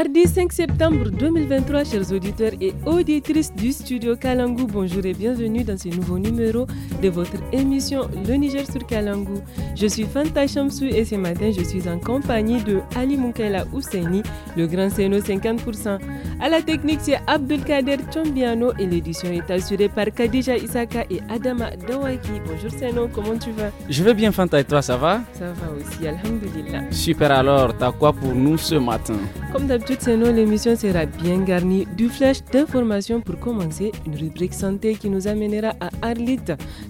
Mardi 5 septembre 2023, chers auditeurs et auditrices du studio Kalangu, bonjour et bienvenue dans ce nouveau numéro de votre émission Le Niger sur Kalangu. Je suis Fanta Chamsou et ce matin, je suis en compagnie de Ali Moukela Ousseini, le grand Seno 50%. À la technique, c'est Abdelkader Chombiano et l'édition est assurée par Kadija Isaka et Adama Dawaki. Bonjour Seno, comment tu vas Je vais bien Fanta et toi, ça va Ça va aussi, Alhamdulillah. Super alors, t'as quoi pour nous ce matin Comme toutes ces noms, l'émission sera bien garnie du flèche d'informations pour commencer une rubrique santé qui nous amènera à Arlit,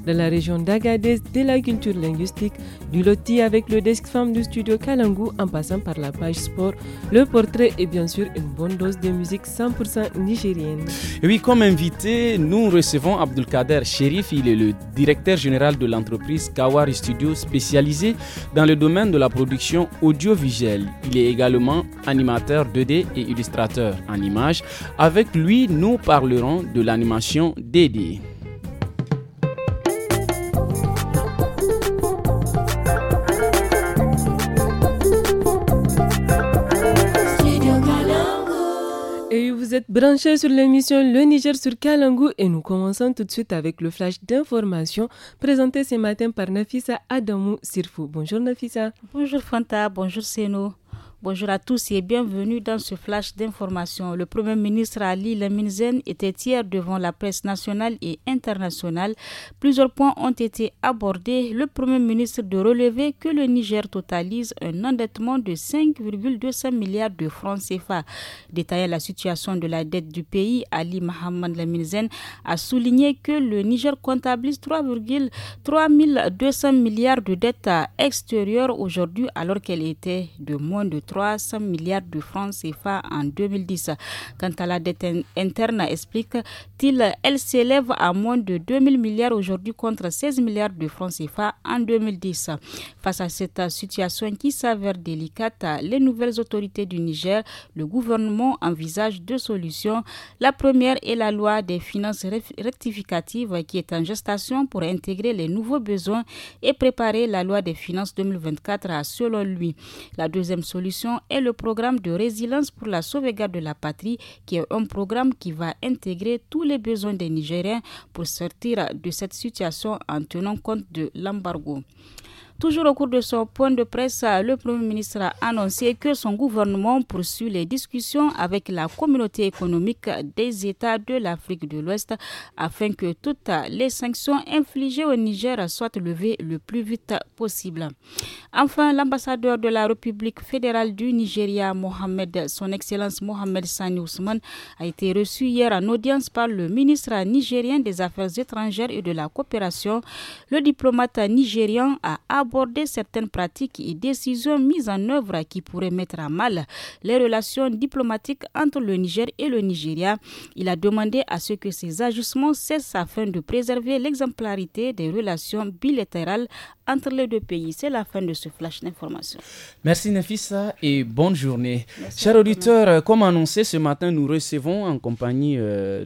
dans la région d'Agadez, de la culture linguistique, du loti avec le desk femme du studio Kalangu en passant par la page sport, le portrait et bien sûr une bonne dose de musique 100% nigérienne. Et oui, comme invité, nous recevons Abdelkader Sherif. Il est le directeur général de l'entreprise Kawari Studio spécialisée dans le domaine de la production audiovisuelle. Il est également animateur de et illustrateur en images. Avec lui, nous parlerons de l'animation dédiée. vous êtes branchés sur l'émission Le Niger sur Kalangu et nous commençons tout de suite avec le flash d'information présenté ce matin par Nafisa Adamou Sirfou. Bonjour Nafisa. Bonjour Fanta, bonjour Seno. Bonjour à tous et bienvenue dans ce flash d'information. Le Premier ministre Ali Laminzen était hier devant la presse nationale et internationale. Plusieurs points ont été abordés. Le Premier ministre de relever que le Niger totalise un endettement de 5,25 milliards de francs CFA. Détaillant la situation de la dette du pays, Ali Mohamed Laminzen a souligné que le Niger comptabilise 3,3200 milliards de dettes extérieures aujourd'hui alors qu'elle était de moins de 300 milliards de francs CFA en 2010. Quant à la dette interne, explique-t-il, elle s'élève à moins de 2000 milliards aujourd'hui contre 16 milliards de francs CFA en 2010. Face à cette situation qui s'avère délicate, les nouvelles autorités du Niger, le gouvernement envisage deux solutions. La première est la loi des finances rectificative qui est en gestation pour intégrer les nouveaux besoins et préparer la loi des finances 2024 selon lui. La deuxième solution est le programme de résilience pour la sauvegarde de la patrie, qui est un programme qui va intégrer tous les besoins des Nigériens pour sortir de cette situation en tenant compte de l'embargo. Toujours au cours de son point de presse, le Premier ministre a annoncé que son gouvernement poursuit les discussions avec la communauté économique des États de l'Afrique de l'Ouest afin que toutes les sanctions infligées au Niger soient levées le plus vite possible. Enfin, l'ambassadeur de la République fédérale du Nigeria, Mohamed, son Excellence Mohamed Sani Ousmane, a été reçu hier en audience par le ministre nigérien des Affaires étrangères et de la coopération. Le diplomate nigérian a d'aborder certaines pratiques et décisions mises en œuvre qui pourraient mettre à mal les relations diplomatiques entre le Niger et le Nigeria. Il a demandé à ce que ces ajustements cessent afin de préserver l'exemplarité des relations bilatérales entre les deux pays. C'est la fin de ce flash d'information. Merci Nefissa et bonne journée. Chers auditeurs, euh, comme annoncé ce matin, nous recevons en compagnie euh,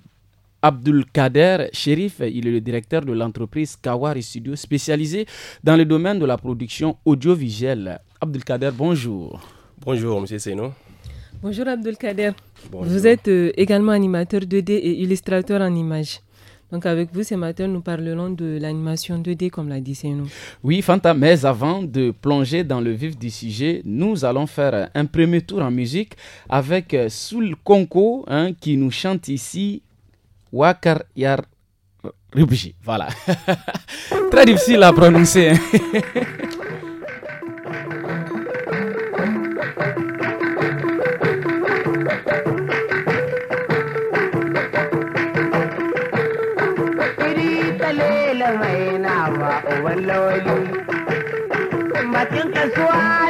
Abdul Kader, shérif, Il est le directeur de l'entreprise Kawari Studio, spécialisée dans le domaine de la production audiovisuelle. Abdul Kader, bonjour. Bonjour, monsieur Seno. Bonjour, Abdul Kader. Vous êtes euh, également animateur 2D et illustrateur en images. Donc avec vous ce matin, nous parlerons de l'animation 2D comme l'a dit Seno. Oui, Fanta, mais avant de plonger dans le vif du sujet, nous allons faire un premier tour en musique avec euh, Soul Konko, hein, qui nous chante ici Wakar Yar Rubji. Voilà. Très difficile à prononcer. Bakin kasuwa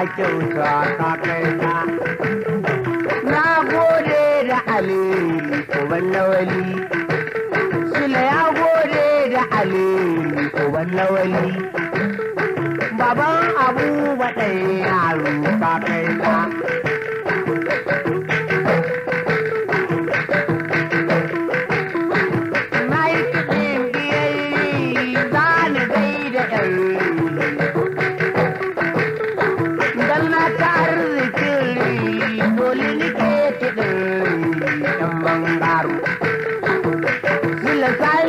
na kyauta ka kaina na gode da alheri uban lawali sule ya gode da alheri uban lawali baban abu baɗai yaro ka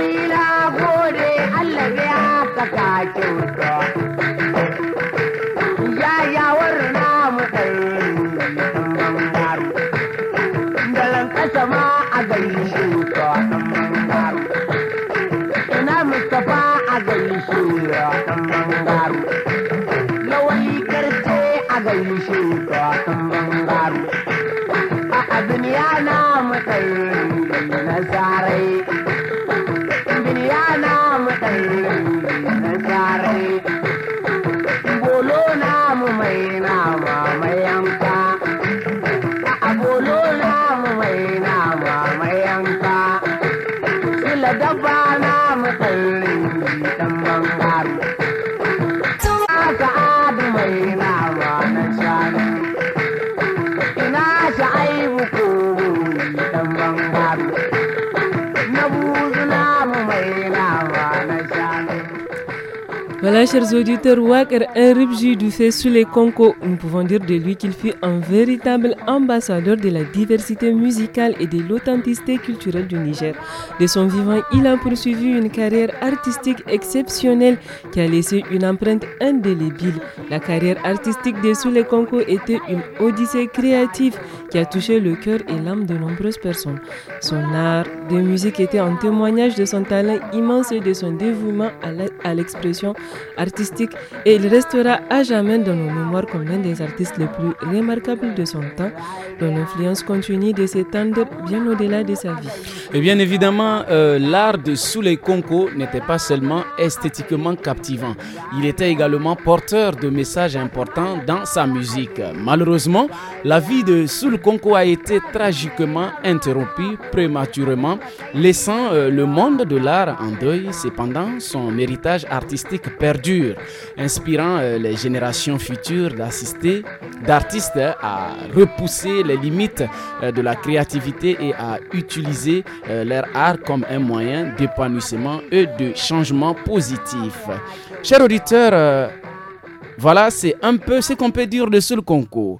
ni na gode Allah ya saka kyauta. Yayawar namu ɗan Dalan ƙasa ma a shi a gaishe ka Ina Mustapha a shi gaishe ɗan bangaro. Lawai karce a shi gaishe ka ɗan bangaro. A abin yana mutai nasarai. Thank you. chers auditeurs, un Eribji du fait les Konko, nous pouvons dire de lui qu'il fut un véritable ambassadeur de la diversité musicale et de l'authenticité culturelle du Niger. De son vivant, il a poursuivi une carrière artistique exceptionnelle qui a laissé une empreinte indélébile. La carrière artistique de les Konko était une odyssée créative qui a touché le cœur et l'âme de nombreuses personnes. Son art de musique était un témoignage de son talent immense et de son dévouement à l'expression artistique et il restera à jamais dans nos mémoires comme l'un des artistes les plus remarquables de son temps, dont l'influence continue de s'étendre bien au-delà de sa vie. Et bien évidemment, euh, l'art de Souley Konko n'était pas seulement esthétiquement captivant, il était également porteur de messages importants dans sa musique. Malheureusement, la vie de Soul Konko a été tragiquement interrompue prématurément, laissant euh, le monde de l'art en deuil. Cependant, son héritage artistique perdu inspirant euh, les générations futures d'assister, d'artistes à repousser les limites euh, de la créativité et à utiliser euh, leur art comme un moyen d'épanouissement et de changement positif. Chers auditeurs, voilà, c'est un peu ce qu'on peut dire de ce concours.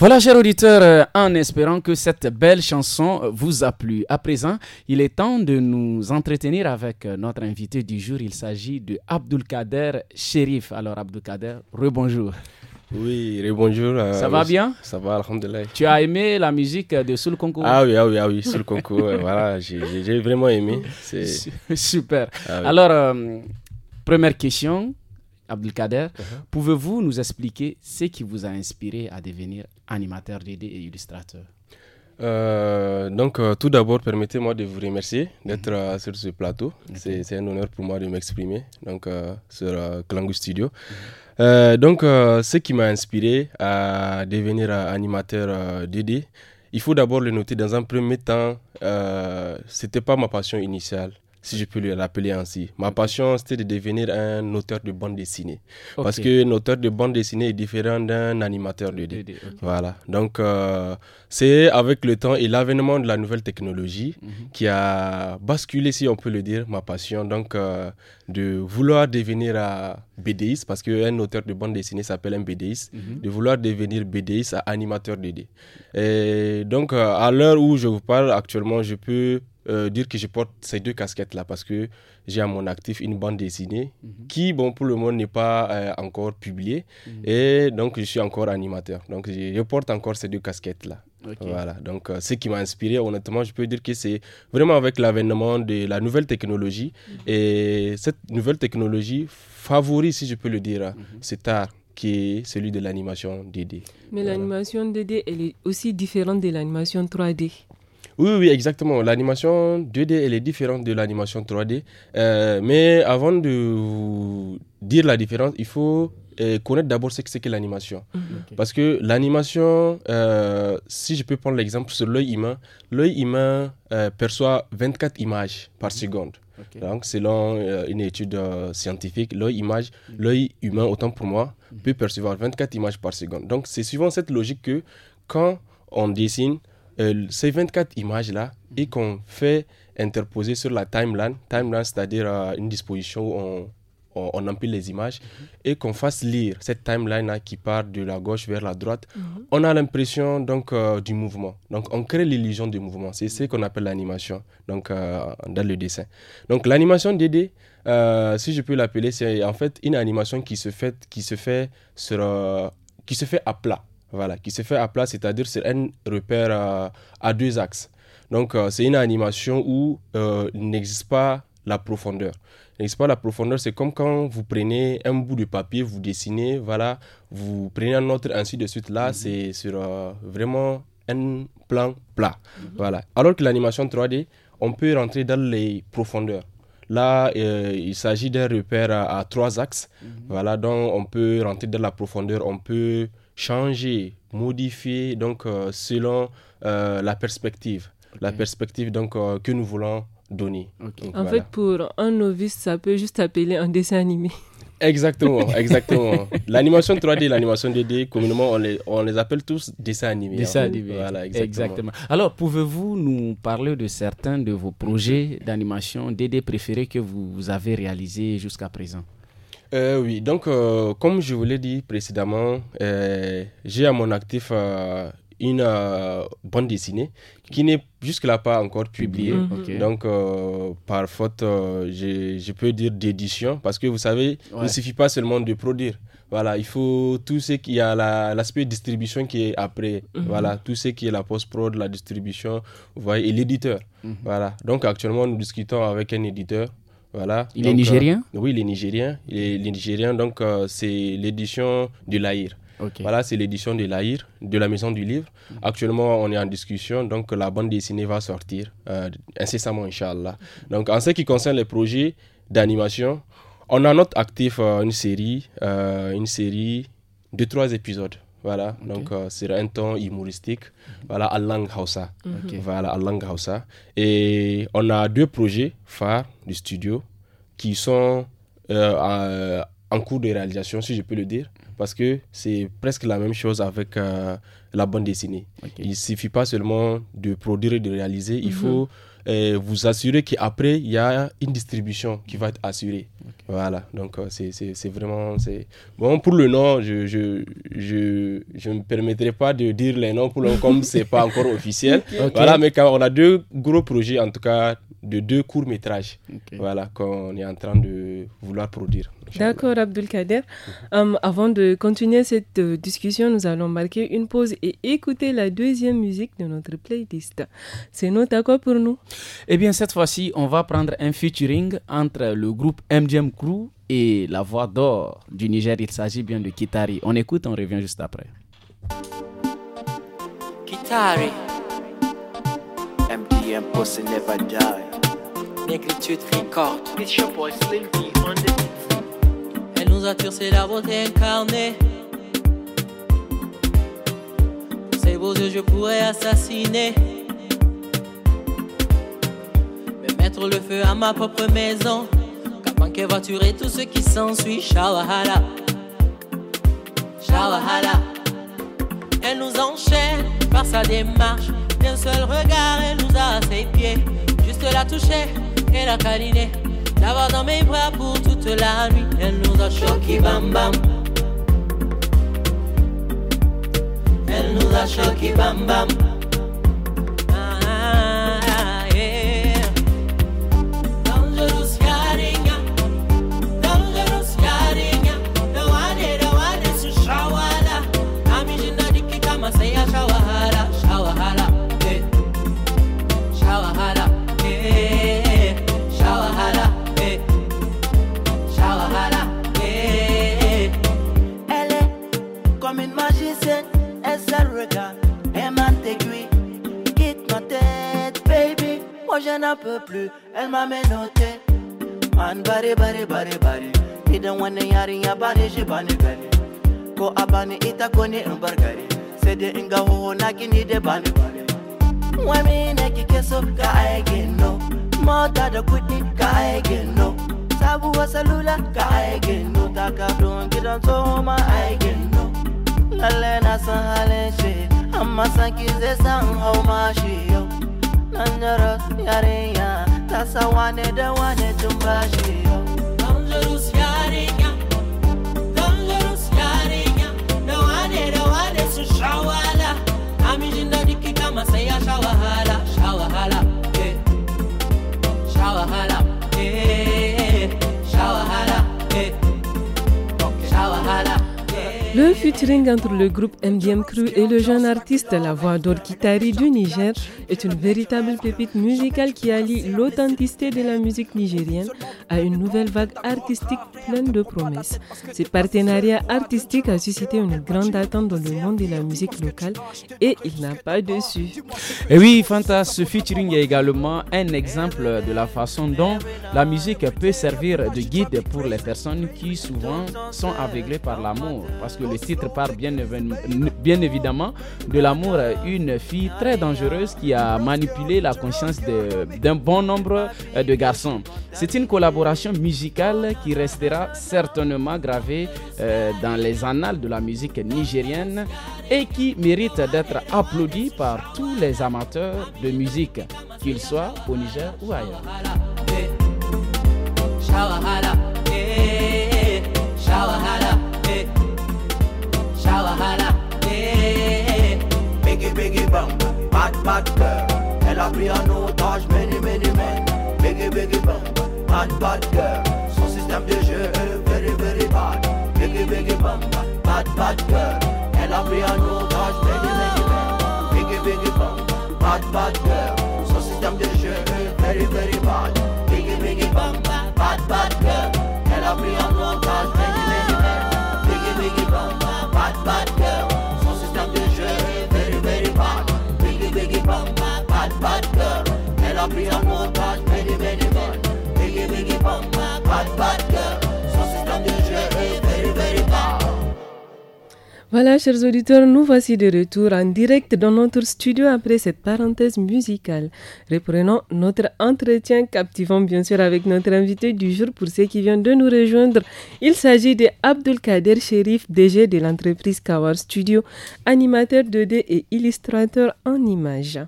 Voilà, chers auditeurs, euh, en espérant que cette belle chanson vous a plu. À présent, il est temps de nous entretenir avec euh, notre invité du jour. Il s'agit de Abdulkader Sherif. Alors, Abdulkader, rebonjour. Oui, rebonjour. Euh, Ça va bien Ça va, alhamdoulilah. Tu as aimé la musique de Soul Concours Ah oui, ah oui, ah oui, Soul Concours. voilà, j'ai vraiment aimé. Super. Ah Alors, première question. Abdelkader, uh-huh. pouvez-vous nous expliquer ce qui vous a inspiré à devenir animateur DD et illustrateur euh, donc, euh, tout d'abord, permettez-moi de vous remercier d'être mm-hmm. euh, sur ce plateau. C'est un honneur pour moi de m'exprimer donc sur Klangu Studio. Mm-hmm. donc, ce qui m'a inspiré à devenir animateur DD, il faut d'abord le noter dans un premier temps, ce c'était pas ma passion initiale si je peux rappeler ainsi. Ma passion, c'était de devenir un auteur de bande dessinée. Parce qu'un auteur de bande dessinée est différent d'un animateur 2D. Voilà. Donc, euh, c'est avec le temps et l'avènement de la nouvelle technologie mhm. qui a basculé, si on peut le dire, ma passion. Donc, euh, de vouloir devenir euh, un BDiste, parce qu'un auteur de bande dessinée s'appelle un BDiste, mhm. de vouloir devenir BDiste à animateur 2D. Et donc, à l'heure où je vous parle actuellement, je peux euh, dire que je porte ces deux casquettes-là parce que j'ai à mon actif une bande dessinée mhm. qui, bon, pour le moment, n'est pas euh, encore publiée. Mhm. Et donc, je suis encore animateur. Donc, je, porte encore ces deux casquettes-là. Voilà, donc euh, ce qui m'a inspiré, honnêtement, je peux dire que c'est vraiment avec l'avènement de la nouvelle technologie. Mhm. Et cette nouvelle technologie favorise, si je peux le dire, cet art qui est celui de l'animation 2D. Mais l'animation 2D, elle est aussi différente de l'animation 3D. Oui, oui, exactement. L'animation 2D, elle est différente de l'animation 3D. Euh, mais avant de vous dire la différence, il faut euh, connaître d'abord ce que c'est que l'animation. Mhm. Parce que l'animation, euh, si je peux prendre l'exemple sur l'œil humain, l'œil humain perçoit 24 images par mhm. seconde. Donc, selon une étude scientifique, l'œil mhm. l'œil humain, autant pour moi, peut percevoir 24 images par seconde. Donc, c'est suivant cette logique que quand on dessine, euh, ces 24 images-là et mhm. qu'on fait interposer sur la timeline, timeline c'est-à-dire euh, une disposition où on, on, empile les images, mhm. et qu'on fasse lire cette timeline-là qui part de la gauche vers la droite, mhm. on a l'impression donc euh, du mouvement. Donc on crée l'illusion du mouvement. C'est ce qu'on appelle l'animation donc dans le dessin. Donc l'animation DD, si je peux l'appeler, c'est en fait une animation qui se fait, qui se fait, sur, qui se fait à plat. Voilà, qui se fait à plat, c'est-à-dire sur un repère euh, à, deux axes. Donc, euh, c'est une animation où euh, il n'existe pas la profondeur. Il n'existe pas la profondeur, c'est comme quand vous prenez un bout de papier, vous dessinez, voilà, vous prenez un autre, ainsi de suite. Là, mhm. c'est sur vraiment un plan plat. Mhm. Voilà. Alors que l'animation 3D, on peut rentrer dans les profondeurs. Là, il s'agit d'un repère à, trois axes, mhm. voilà, donc on peut rentrer dans la profondeur, on peut changer, modifier donc euh, selon euh, la perspective, la perspective donc euh, que nous voulons donner. en fait, pour un novice, ça peut juste appeler un dessin animé. Exactement, exactement. l'animation 3D, l'animation 2D, communément, on les, on les appelle tous dessins animés. Hein. Voilà, exactement. Alors, pouvez-vous nous parler de certains de vos projets d'animation 2D préférés que vous avez réalisés jusqu'à présent euh, oui, donc euh, comme je vous l'ai dit précédemment, euh, j'ai à mon actif une bande dessinée qui n'est jusque-là pas encore publiée. Mhm. Donc par faute, je, peux dire d'édition, parce que vous savez, il ne suffit pas seulement de produire. Voilà, il faut tout ce qui y a l'aspect distribution qui est après. Mhm. Voilà, tout ce qui est la post-prod, la distribution, voyez, et l'éditeur. Mhm. Voilà, donc actuellement nous discutons avec un éditeur voilà. Il est nigérien euh, Oui, il est nigérien. donc euh, c'est l'édition de l'Aïr. Voilà, c'est l'édition de l'Aïr, de la maison du livre. Actuellement, on est en discussion, donc la bande dessinée va sortir euh, incessamment, Inch'Allah. Donc, en ce qui concerne les projets d'animation, on a notre actif euh, une série, une série de trois épisodes voilà donc c'est euh, un ton humoristique mhm. voilà Alang langue Hausa mhm. voilà en langue Hausa et on a deux projets phares du studio qui sont euh, en cours de réalisation si je peux le dire parce que c'est presque la même chose avec euh, la bande dessinée il il suffit pas seulement de produire et de réaliser il mhm. faut euh, vous assurer qu'après, il y a une distribution qui va être assurée. Voilà, donc euh, c'est vraiment... Bon, pour le nom, je ne je, je, me permettrai pas de dire les noms, pour le, comme ce n'est pas encore officiel. Voilà, mais quand on a deux gros projets, en tout cas, de deux courts-métrages, voilà, qu'on est en train de vouloir produire. D'accord, Abdul Kader. Hum, avant de continuer cette euh, discussion, nous allons marquer une pause et écouter la deuxième musique de notre playlist. C'est notre accord pour nous Eh bien, cette fois-ci, on va prendre un featuring entre le groupe MGM Crew et la voix d'or du Niger. Il s'agit bien de Kitari. On écoute, on revient juste après. Kitari. Never Die. Record. your on the nous a c'est la beauté incarnée. Pour ces beaux yeux, je pourrais assassiner. Mais mettre le feu à ma propre maison. Qu'à manquer voiture et tout ce qui s'ensuit. Shawahala. Shawahala. Elle nous enchaîne par sa démarche. D'un seul regard, elle nous a à ses pieds. Juste la toucher et la câliner. D'avoir dans mes bras pour toute la nuit, elle nous a choqué bam bam. Elle nous a choqué bam bam. comme une magicienne, elle seul regarde, elle m'a Quitte ma tête, baby, moi je n'en peux plus, elle m'a menotté. Man, bare bare bare. bari, idan wani yarin ya bare shi bani gari. Ko abani, ita koni ne in bar gari, sai dai in na gini de bani bari. Wani ne kike so ka aiki no, mota da kuɗi ka aiki no. wa, salula ka aiki no, takardun gidan tsohon ma aiki no. lalle na san halin shi amma saki zai san hau mashi yau nan jaros yarinya ta san wane da wane tun bashi yau su shawala amijin da duk kama sai ya sha wahala Le featuring entre le groupe MDM Crew et le jeune artiste La Voix d'Or Kitari du Niger est une véritable pépite musicale qui allie l'authenticité de la musique nigérienne à une nouvelle vague artistique pleine de promesses. Ce partenariat artistique a suscité une grande attente dans le monde de la musique locale et il n'a pas déçu. Et oui, Fantas, ce featuring est également un exemple de la façon dont la musique peut servir de guide pour les personnes qui souvent sont aveuglées par l'amour. Parce que le titre parle bien, évidemment de l'amour. Une fille très dangereuse qui a manipulé la conscience d'un bon nombre de garçons. C'est une collaboration musicale qui restera certainement gravée euh, dans les annales de la musique nigérienne et qui mérite d'être applaudie par tous les amateurs de musique, qu'ils soient au Niger ou ailleurs. bang, bad bad girl. Elle a pris en otage, many many men. Biggie biggie bang, bad bad girl. Son système de jeu est very very bad. Biggie biggie bang, bad bad girl. Elle a pris en otage, many many men. Biggie biggie bang, bad bad girl. Son système de jeu est very very bad. Biggie biggie bang, bad bad girl. Elle a pris en otage. Voilà, chers auditeurs, nous voici de retour en direct dans notre studio après cette parenthèse musicale. Reprenons notre entretien captivant, bien sûr, avec notre invité du jour pour ceux qui viennent de nous rejoindre. Il s'agit de Abdelkader Sherif, DG de l'entreprise Kawar Studio, animateur 2D et illustrateur en images.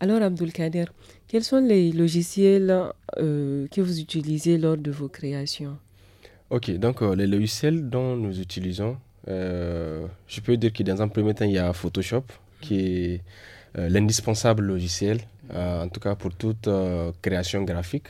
Alors, Abdelkader, quels sont les logiciels euh, que vous utilisez lors de vos créations Ok, donc euh, les logiciels dont nous utilisons, euh, je peux dire que dans un premier temps, il y a Photoshop, qui est l'indispensable logiciel, en tout cas pour toute création graphique.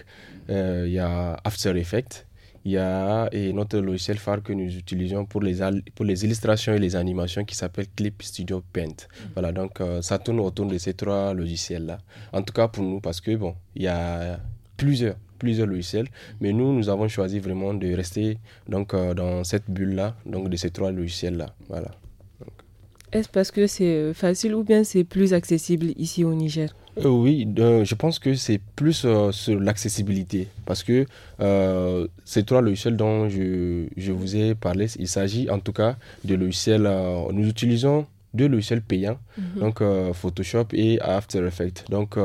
il y a After Effects, il y a et notre logiciel phare que nous utilisons pour les, pour les illustrations et les animations qui s'appelle Clip Studio Paint. Voilà, donc euh, ça tourne autour de ces trois logiciels-là. En tout cas pour nous, parce que bon, il y a plusieurs plusieurs logiciels, mais nous, nous avons choisi vraiment de rester donc, euh, dans cette bulle-là, donc de ces trois logiciels-là. Voilà. Est-ce parce que c'est euh, facile ou bien c'est plus accessible ici au Niger euh, Oui, euh, je pense que c'est plus sur l'accessibilité parce que ces trois logiciels dont je, je vous ai parlé, il s'agit en tout cas de logiciels, nous utilisons deux logiciels payants, mhm. donc Photoshop et After Effects. Donc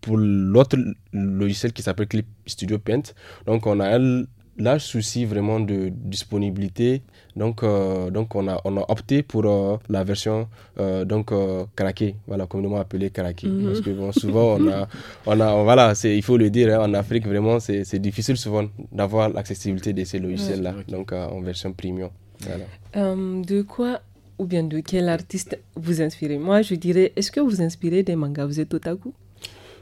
pour l'autre logiciel qui s'appelle Clip Studio Paint, donc on a un L'âge souci vraiment de disponibilité. Donc, euh, donc on, a, on a opté pour euh, la version euh, donc voilà, communément appelée karaké. Mhm. Parce que souvent, on a, on a il faut le dire, hein, en Afrique, vraiment, c'est difficile souvent d'avoir l'accessibilité de ces logiciels-là, donc en version premium. de quoi ou bien de quel artiste vous inspirez Moi, je dirais, est-ce que vous inspirez des mangas Vous êtes otaku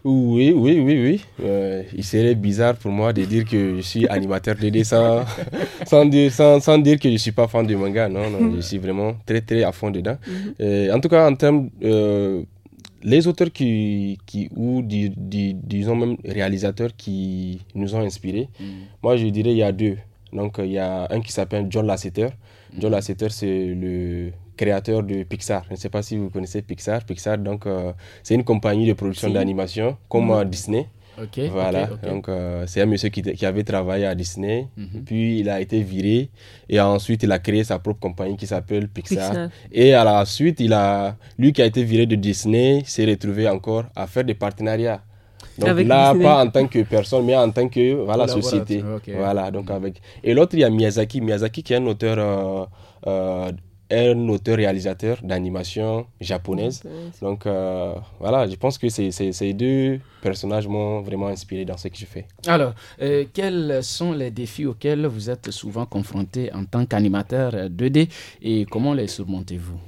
oui, oui, oui, oui. Euh, il serait bizarre pour moi de dire que je suis animateur 2 sans, sans, dire, sans, dire que je ne suis pas fan du manga. Non, non, je suis vraiment très, très à fond dedans. Mhm. Euh, en tout cas, en termes. Euh, les auteurs qui, ou des disons même réalisateurs qui nous ont inspirés, mhm. moi je dirais il y a deux. Donc il y a un qui s'appelle John Lasseter. John Lasseter, c'est le créateur de Pixar. Je ne sais pas si vous connaissez Pixar. Pixar, donc, euh, c'est une compagnie de production d'animation comme euh, mm. Disney. Ok. voilà, donc euh, c'est un monsieur qui, avait travaillé à Disney, mhm. puis il a été viré, et ensuite il a créé sa propre compagnie qui s'appelle Pixar. Et à la suite, il a, lui qui a été viré de Disney s'est retrouvé encore à faire des partenariats. Donc là, pas en tant que personne, mais en tant que voilà, société. Voilà, donc avec... Et l'autre, il y a Miyazaki. Miyazaki qui est un auteur euh, un auteur-réalisateur d'animation japonaise. Donc euh, voilà, je pense que ces, deux personnages m'ont vraiment inspiré dans ce que je fais. Alors, euh, quels sont les défis auxquels vous êtes souvent confronté en tant qu'animateur 2D et comment les surmontez-vous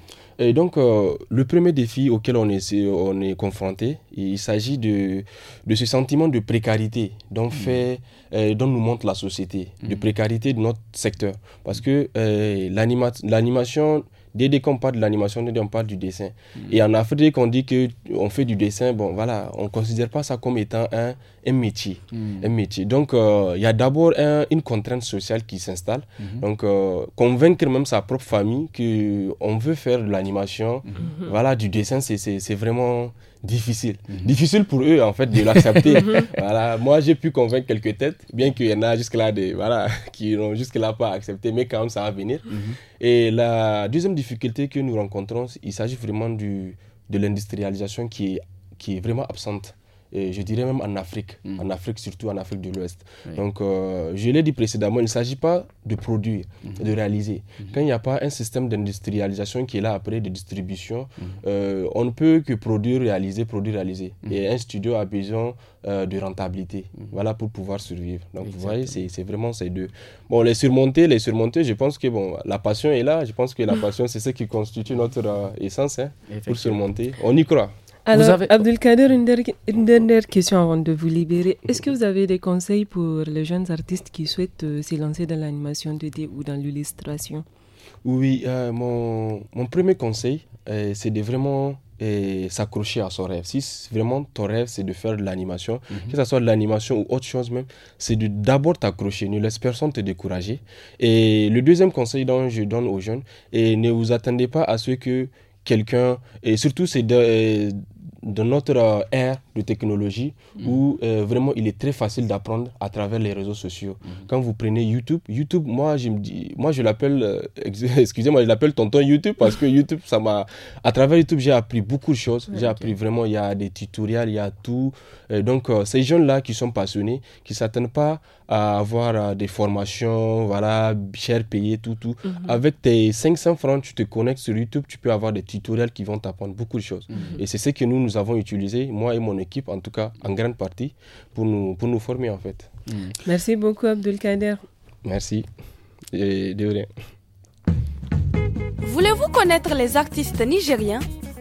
et donc, euh, le premier défi auquel on est, on est confronté, il s'agit de, de ce sentiment de précarité dont, mm. fait, euh, dont nous montre la société, de mm. précarité de notre secteur. Parce que euh, l'animation Dès, dès qu'on parle de l'animation, dès qu'on parle du dessin. Et en Afrique, on dit qu'on fait du dessin, bon voilà, on ne considère pas ça comme étant un, un métier. Mm. Un métier. Donc, euh, il y a d'abord une contrainte sociale qui s'installe. Mm-hmm. Donc, euh, convaincre même sa propre famille qu'on veut faire de l'animation, mm-hmm. voilà, du dessin, c'est vraiment difficile. Mhm. Difficile pour eux, en fait, de l'accepter. Mhm. voilà. Moi, j'ai pu convaincre quelques têtes, bien qu'il y en a jusque-là voilà, qui n'ont jusque-là pas accepté, mais quand même, ça va venir. Mhm. Et la deuxième difficulté que nous rencontrons, il s'agit vraiment du, de l'industrialisation qui qui est vraiment absente je dirais même en Afrique, mm. en Afrique surtout en Afrique de l'Ouest. Donc, euh, je l'ai dit précédemment, il ne s'agit pas de produire, mm-hmm. de réaliser. Mm-hmm. Quand il n'y a pas un système d'industrialisation qui est là après de distribution, mm-hmm. euh, on ne peut que produire, réaliser, produire, réaliser. Et un studio a besoin euh, de rentabilité, voilà, pour pouvoir survivre. Donc, vous voyez, c'est vraiment ces deux. Bon, les surmonter, les surmonter, je pense que bon, la passion est là. Je pense que la passion, c'est ce qui constitue notre essence hein, pour surmonter. On y croit. Alors, Abdelkader, une, dernière question avant de vous libérer. Est-ce que vous avez des conseils pour les jeunes artistes qui souhaitent euh, se lancer dans l'animation 2D ou dans l'illustration Oui, euh, mon, premier conseil, euh, c'est de vraiment s'accrocher à son rêve. Si vraiment ton rêve, c'est de faire de l'animation, mhm. que ce soit de l'animation ou autre chose même, c'est d'abord t'accrocher, ne laisse personne te décourager. Et le deuxième conseil dont je donne aux jeunes, et ne vous attendez pas à ce que quelqu'un, et surtout c'est de de notre euh, ère de technologie où euh, vraiment il est très facile d'apprendre à travers les réseaux sociaux. Quand vous prenez YouTube, YouTube, moi je me dis, moi l'appelle, euh, excusez-moi, je l'appelle tonton YouTube parce que YouTube, ça m'a, à travers YouTube, j'ai appris beaucoup de choses. J'ai appris vraiment, il y a des tutoriels, il y a tout. donc ces jeunes là qui sont passionnés, qui s'attendent pas à avoir euh, des formations, voilà, cher payé, tout, tout. Mhm. Avec tes 500 francs, tu te connectes sur YouTube, tu peux avoir des tutoriels qui vont t'apprendre beaucoup de choses. Mhm. Et c'est ce que nous, nous avons utilisé, moi et mon équipe, en tout cas, en grande partie, pour nous, pour nous former, en fait. Mhm. Merci beaucoup, Abdelkader. Merci. Et de rien. Voulez-vous connaître les artistes nigériens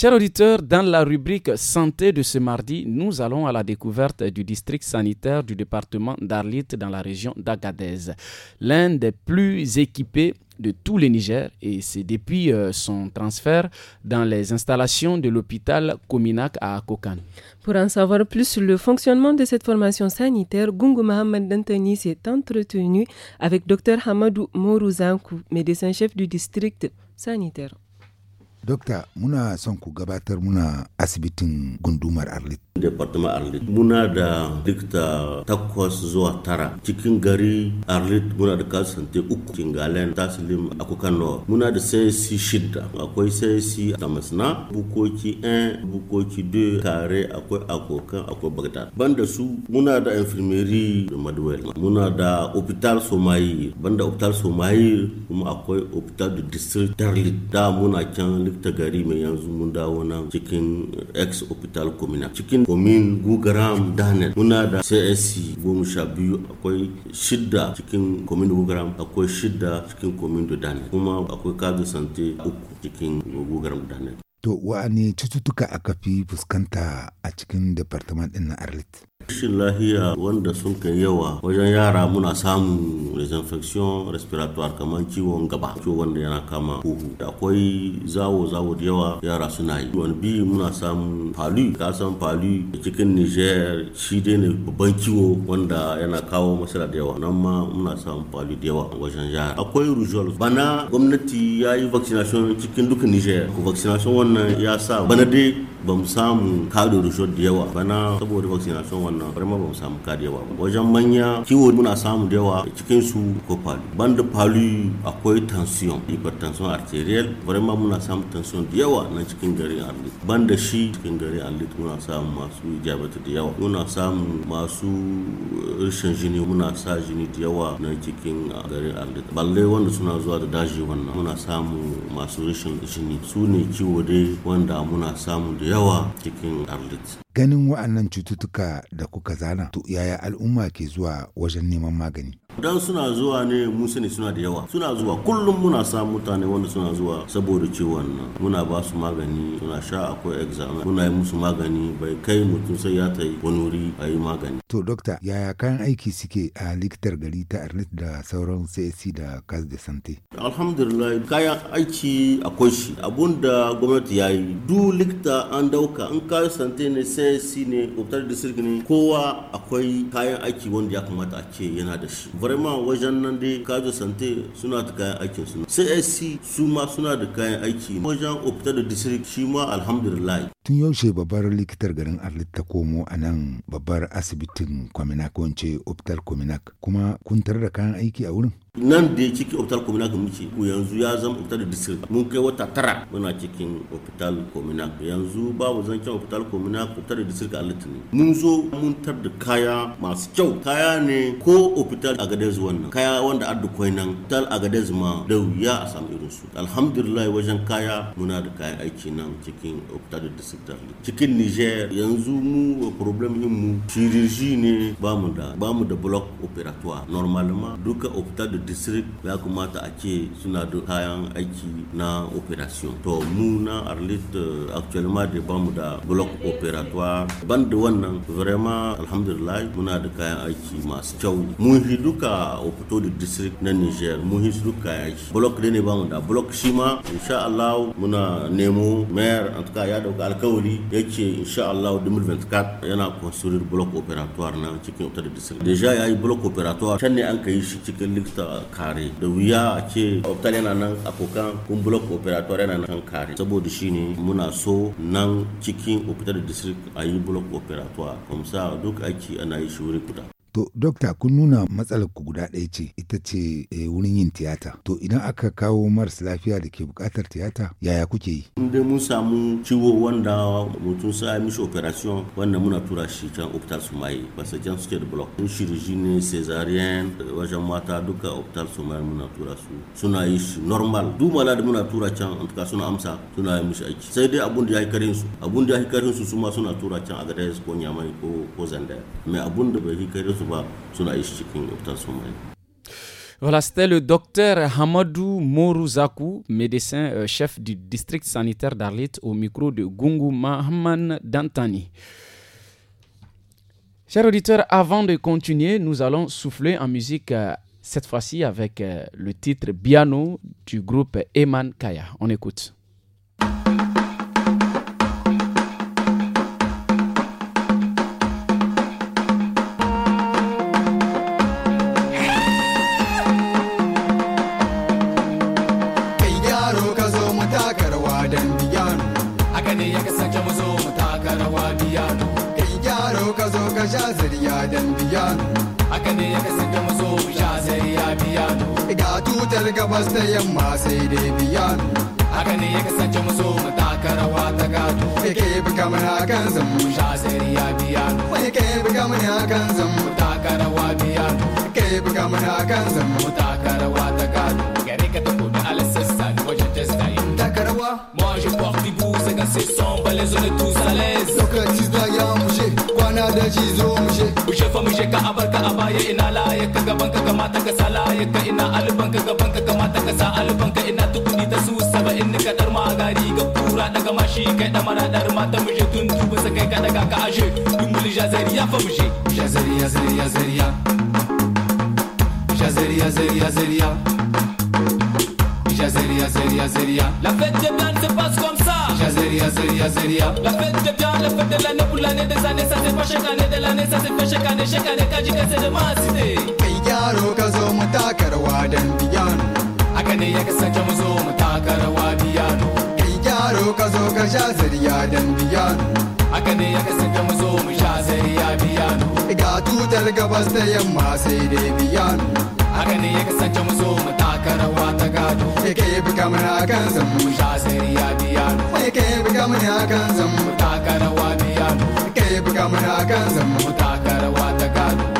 Chers auditeurs, dans la rubrique Santé de ce mardi, nous allons à la découverte du district sanitaire du département d'Arlit dans la région d'Agadez, l'un des plus équipés de tous les Niger et c'est depuis euh, son transfert dans les installations de l'hôpital Kominak à Kokan. Pour en savoir plus sur le fonctionnement de cette formation sanitaire, Gungu Mohamed Dantani s'est entretenu avec Dr Hamadou Morouzankou, médecin-chef du district sanitaire. Dokta muna son ku gabatar muna asibitin gundumar Arlit. Departement Arlit muna da dikta takwas zuwa tara cikin gari Arlit muna da kasance uku Kingalen Taslim Akukano muna da sayansi shida akwai a Tamasna bukoki 1 bukoki 2 tare akwai Akokan akwai Bagdad banda su muna da infirmeri Madwell muna da hospital Somayi banda hospital Somayi kuma akwai hospital district Arlit da muna can duk gari mai yanzu mun dawo nan cikin ex hospital komina cikin komin gugaram danel muna da csc goma sha biyu akwai shidda cikin komin gugaram akwai shidda cikin komin da danel kuma akwai kadu sante uku cikin gugaram danel. To wa'ani cututtuka aka fi fuskanta a cikin departement din na Arlit? Rashin lahiya wanda sun kai yawa wajen yara muna samun disinfection respiratoire kamar ciwon gaba ciwon da yana kama huhu akwai zawo zawo da yawa yara suna yi wani bi muna samun palu ka san palu cikin niger shi dai ne babban kiwo wanda yana kawo masala da yawa nan ma muna samun palu da yawa wajen yara akwai rujol bana gwamnati ya yi vaccination cikin duka niger vaccination wannan ya sa bana dai ba mu samu kado rujol da yawa bana saboda vaccination na barma ba mu samu kariya ba wajen manya kiwo muna samu da yawa cikin su ko palu da palu akwai tension hypertension arterial barma muna samu tension da yawa na cikin garin ban da shi cikin gari. arlit muna samu masu diabetes da yawa muna samu masu eh, rashin jini muna sa jini da yawa na cikin gari. balle wanda suna zuwa da daji wannan muna samu masu rashin jini su ne kiwo dai wanda muna samu da yawa cikin arlit ganin wa'annan cututtuka da kuka zana to yaya al'umma ke zuwa wajen neman magani dan suna zuwa ne mu sani suna da yawa suna zuwa kullum muna sa mutane wanda suna zuwa saboda ciwon nan muna ba su magani suna sha akwai examen muna yi musu magani bai kai mutum sai ya ta yi wani a yi magani. to dokta yaya kayan aiki suke a likitar gari ta arlit da sauran csc da cas de sante. alhamdulillah kayan aiki akwai shi abun da gwamnati ya yi du likita an dauka in kayo sante ne csc ne ofitar da sirgini kowa akwai kayan aiki wanda ya kamata a ce yana da shi. vraiment wajen nan dai kajo sante suna da kayan aikin su csc su ma suna da kayan aiki wajen opta da district shi ma alhamdulillah tun yaushe babbar likitar garin arlit ta komo a nan babbar asibitin kwaminak wance optar kwaminak kuma kun da kayan aiki a wurin nan da ya ciki hospital communal muke yanzu ya zama hospital district mun kai wata tara muna cikin hospital communal yanzu babu zancen hospital communal hospital district a litinin mun zo mun tar da kaya masu kyau kaya ne ko hospital a gadez wannan kaya wanda ardu kwai nan hospital a gadez ma da wuya a samu irin su alhamdulillah wajen kaya muna da kaya aiki nan cikin hospital district cikin niger yanzu mu problem mu chirurgie ne bamu da bamu da block operatoire normalement duka hospital district ya kamata a ce suna da kayan aiki na operation to mu na arlit eh, actuellement da ba mu da block operatoire ban da wannan vraiment alhamdulillah muna da kayan aiki masu kyau mun hi duka opito da district na niger mun hi duka kayan aiki block da ne ba mu da block shi ma insha Allah muna nemo mayor antuka ya dauka alkawari yake insha Allah 2024 yana construire block operatoire na cikin opito district deja yi block operatoire can ne an kai shi cikin likta. kare da wuya a ce optal yana nan akokan kun block operator yana nan kare saboda shine muna so nan cikin hospital district a yi block operator kuma sa duk aiki ana yi shi wuri guda To, dokta kun nuna matsalar ku guda ɗaya ce, ita ce eh, wurin yin tiyata. To, idan aka kawo maras lafiya da ke buƙatar tiyata, yaya kuke yi? In dai mun samu ciwo wanda mutum sa mishi operation wanda muna tura shi can optal su basa can suke da block. In shirji ne cesarean wajen mata duka optal su muna tura su. Suna yi shi normal. Duk mala da muna tura can, an tuka suna amsa suna yi mishi aiki. Sai dai abun da ya yi karin su, abun da ya yi su su suna tura can a gadar ko nyamai ko zandaya. Mai abun da bai yi Voilà, c'était le docteur Hamadou Moruzaku médecin euh, chef du district sanitaire d'Arlit, au micro de Gungu Mahman Dantani. Chers auditeurs, avant de continuer, nous allons souffler en musique, euh, cette fois-ci avec euh, le titre piano du groupe Eman Kaya. On écoute. ka sha sirya dan biyano haka ne ya kasu da maso sha sirya biyano ga tutar gabas ta yamma sai dai biyano haka ne ya kasance maso mataka rawa ta gato ke bi kamar hakan zan mu sha biya biyano ya ke bi kamar hakan zan mu taka rawa biyano ke bi kamar hakan zan mu taka rawa ta gato gare ka ta gobe alasassa ne wajen jasta yin taka rawa moi je porte des bouses et c'est sombre les on est tous à l'aise lokaci da yamma kana da shi zo mu she ku shefa mu she ka abarka ina laye ka gaban ka kamata ka sa laye ka ina alban ka gaban ka kamata ka sa alban ka ina tukuni da su saba'in ni ka dar magari ga kura daga mashi kai da mara dar mata mu tun dubu sa kai ka daga ka ashe dumuli jazariya fa mu jazariya jazariya jazariya jazariya jazariya jazariya jazariya jazariya jazariya la fête de bien se passe comme ça Yazeria, Yazeria, Yazeria. La fête de bien, la fête de l'année pour l'année des années. Ça c'est pas chaque année de l'année, ça c'est pas chaque année. Chaque année, quand j'ai cassé de ma cité. Yaro ka zo mu taka rawa dan biyano. Haka ne ya kasance mu zo mu taka rawa biyano. Kai yaro dan biyano. Haka ne ya kasance mu zo mu sha zariya biyano. haka ne ya kasance mu so mu taka rawa ta gado ya ke buga mana kan zan mu sha sai ya biya ya ke buga mana kan zan mu taka rawa biya ya ke buga mana kan zan mu taka rawa ta gado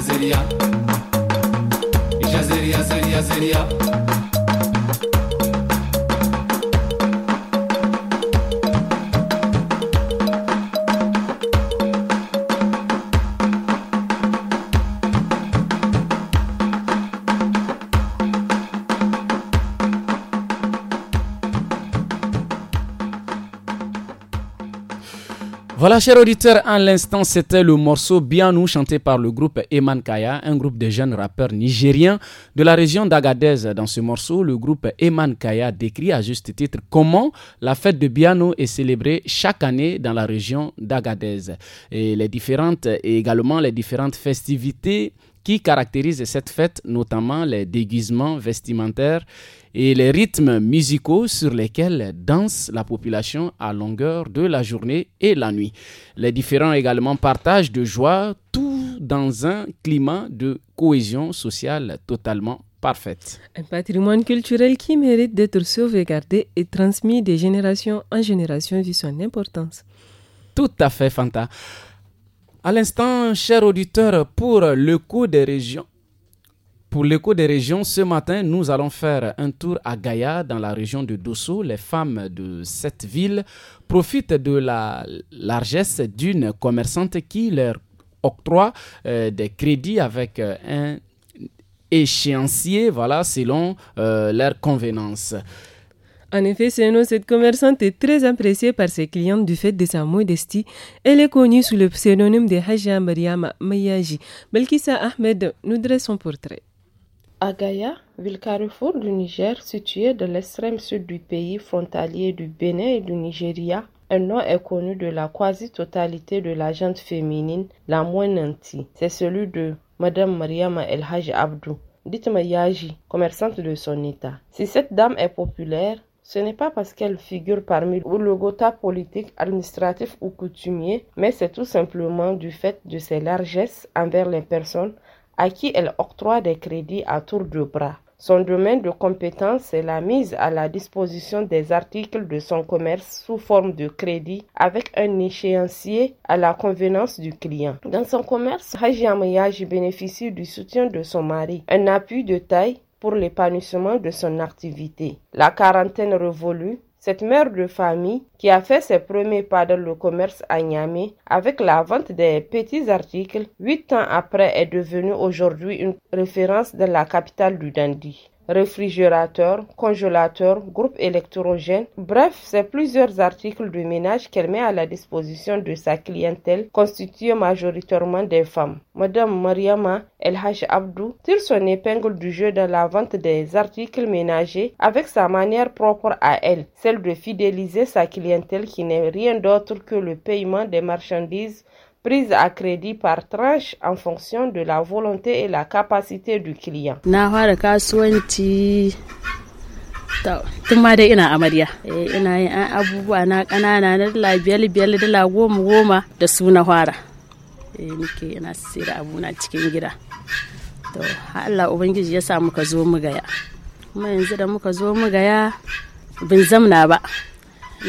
Zeria Zeria Zeria Zeria Zeria Cher chers auditeurs, en l'instant, c'était le morceau Bianou chanté par le groupe Eman Kaya, un groupe de jeunes rappeurs nigériens de la région d'Agadez. Dans ce morceau, le groupe Eman Kaya décrit à juste titre comment la fête de Bianou est célébrée chaque année dans la région d'Agadez. Et les différentes, et également les différentes festivités qui caractérisent cette fête, notamment les déguisements vestimentaires et les rythmes musicaux sur lesquels danse la population à longueur de la journée et la nuit. Les différents également partagent de joie, tout dans un climat de cohésion sociale totalement parfaite. Un patrimoine culturel qui mérite d'être sauvegardé et transmis de génération en génération vu son importance. Tout à fait, Fanta. À l'instant, cher auditeur, pour le coup des régions, pour l'écho des régions, ce matin, nous allons faire un tour à Gaïa, dans la région de Dosso. Les femmes de cette ville profitent de la largesse d'une commerçante qui leur octroie euh, des crédits avec euh, un échéancier, voilà, selon euh, leur convenance. En effet, nous cette commerçante est très appréciée par ses clients du fait de sa modestie. Elle est connue sous le pseudonyme de Haja Mariam Mayaji. Belkissa Ahmed nous dresse son portrait. Agaya, ville carrefour du Niger située dans l'extrême sud du pays frontalier du Bénin et du Nigeria, un nom est connu de la quasi-totalité de la gente féminine la moins nantie. C'est celui de Madame Mariama El Haji Abdou, dite Mayaji, commerçante de son état. Si cette dame est populaire, ce n'est pas parce qu'elle figure parmi le logota politique, administratif ou coutumier, mais c'est tout simplement du fait de ses largesses envers les personnes à qui elle octroie des crédits à tour de bras. Son domaine de compétence est la mise à la disposition des articles de son commerce sous forme de crédit avec un échéancier à la convenance du client. Dans son commerce, Haji Amayaji bénéficie du soutien de son mari, un appui de taille pour l'épanouissement de son activité. La quarantaine révolue, cette mère de famille, qui a fait ses premiers pas dans le commerce à Niamey avec la vente des petits articles, huit ans après est devenue aujourd'hui une référence dans la capitale du Dandi réfrigérateur, congélateur, groupe électrogène. Bref, c'est plusieurs articles de ménage qu'elle met à la disposition de sa clientèle, constituée majoritairement des femmes. Madame Mariama El Abdou tire son épingle du jeu dans la vente des articles ménagers avec sa manière propre à elle, celle de fidéliser sa clientèle qui n'est rien d'autre que le paiement des marchandises prise à crédit par tranche en fonction de la volonté et la capacité du client. Na fara kasuwanci tun ma dai ina amarya eh, ina yin an abubuwa na ƙanana na dala biyar biyar dala goma goma da su na fara eh, nike ina sira abuna cikin gida to Allah ubangiji ya sa muka zo mu gaya kuma yanzu da muka zo mu gaya bin zamna ba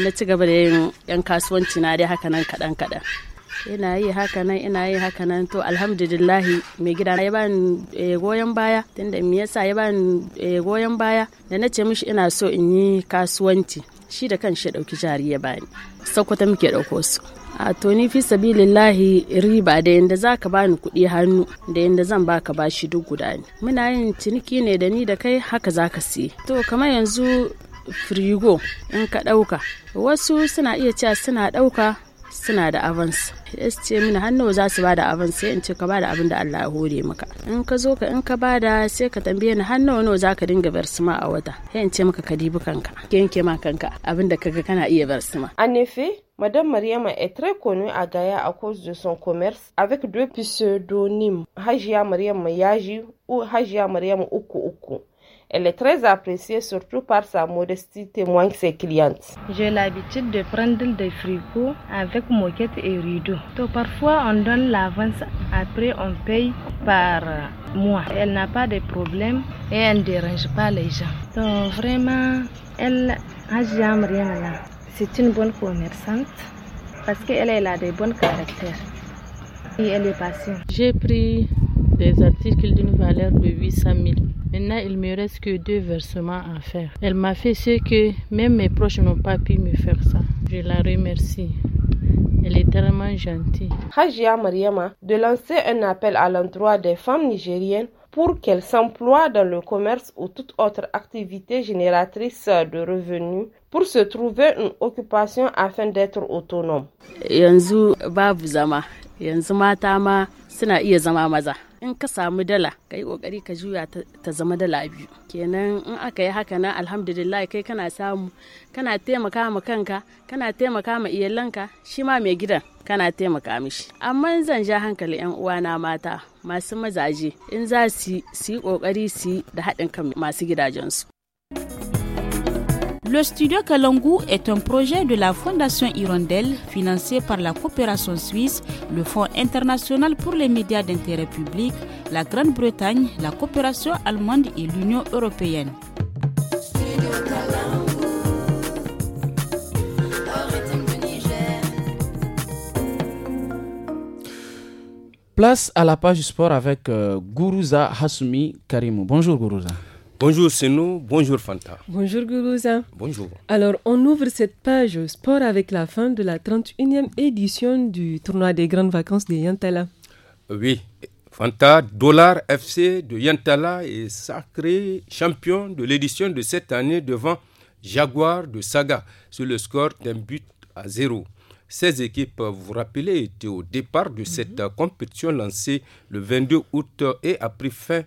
na ci gaba da yin yan kasuwanci na dai haka nan kaɗan kaɗan ina yi haka nan ina yi haka nan to alhamdulillahi mai gida ya ni eh, goyon baya tunda me yasa ya bani eh, goyon baya da nace mishi ina so in yi kasuwanci shi da kan shi dauki jari ya bani sakwata muke dauko su a to ni fi sabilillahi riba da yanda zaka bani kuɗi hannu da yanda zan baka bashi duk guda ne muna yin ciniki ne da ni da kai haka zaka ka siye to kamar yanzu firigo in ka dauka. wasu suna iya cewa suna dauka. suna da avans ya ce mini hannu za su bada avans sai in ce ka bada abin da Allah ya hore maka in ka zo ka in ka bada sai ka tambaye ni hannu nawa za ka dinga barsuma a wata sai in ce maka ka dibi kanka yanke ma kanka abin da kaga kana iya a nefe Madame Mariama est etre connue a gaya à cause de son commerce avec deux pseudonymes, hajiya mariama Yaji ou Hajia Uku Uku. Elle est très appréciée surtout par sa modestie, témoigne ses clientes. J'ai l'habitude de prendre des frigos avec moquette et rideaux. Donc parfois on donne l'avance, après on paye par mois. Elle n'a pas de problème et elle ne dérange pas les gens. Donc vraiment, elle, jamais rien là. c'est une bonne commerçante parce qu'elle a des bons caractères et elle est patiente. J'ai pris des articles d'une valeur de 800 000 Maintenant, il me reste que deux versements à faire. Elle m'a fait ce que même mes proches n'ont pas pu me faire ça. Je la remercie. Elle est tellement gentille. Hajia Mariama de lancer un appel à l'endroit des femmes nigériennes pour qu'elles s'emploient dans le commerce ou toute autre activité génératrice de revenus pour se trouver une occupation afin d'être autonome. yanzu babu zama yanzu mata ma suna iya in ka samu dala ka yi kokari ka juya ta zama dala biyu kenan in aka yi haka na alhamdulillah kai kana samu kana taimaka ma kanka kana taimaka ma iyalanka shi ma mai gidan kana taimaka mishi amma zan ja hankali yan uwana mata masu mazaje in za su yi kokari su yi da haɗin kan masu gidajensu. Le studio Kalangu est un projet de la Fondation Hirondelle financé par la coopération suisse, le Fonds international pour les médias d'intérêt public, la Grande-Bretagne, la coopération allemande et l'Union européenne. Place à la page du sport avec euh, Gourouza Hasumi Karimou. Bonjour Gourouza. Bonjour Seno, bonjour Fanta. Bonjour Gourouza. Bonjour. Alors, on ouvre cette page sport avec la fin de la 31e édition du tournoi des grandes vacances de Yantala. Oui, Fanta Dollar FC de Yantala est sacré champion de l'édition de cette année devant Jaguar de Saga sur le score d'un but à zéro. Ces équipes, vous vous rappelez, étaient au départ de cette mhm. compétition lancée le 22 août et a pris fin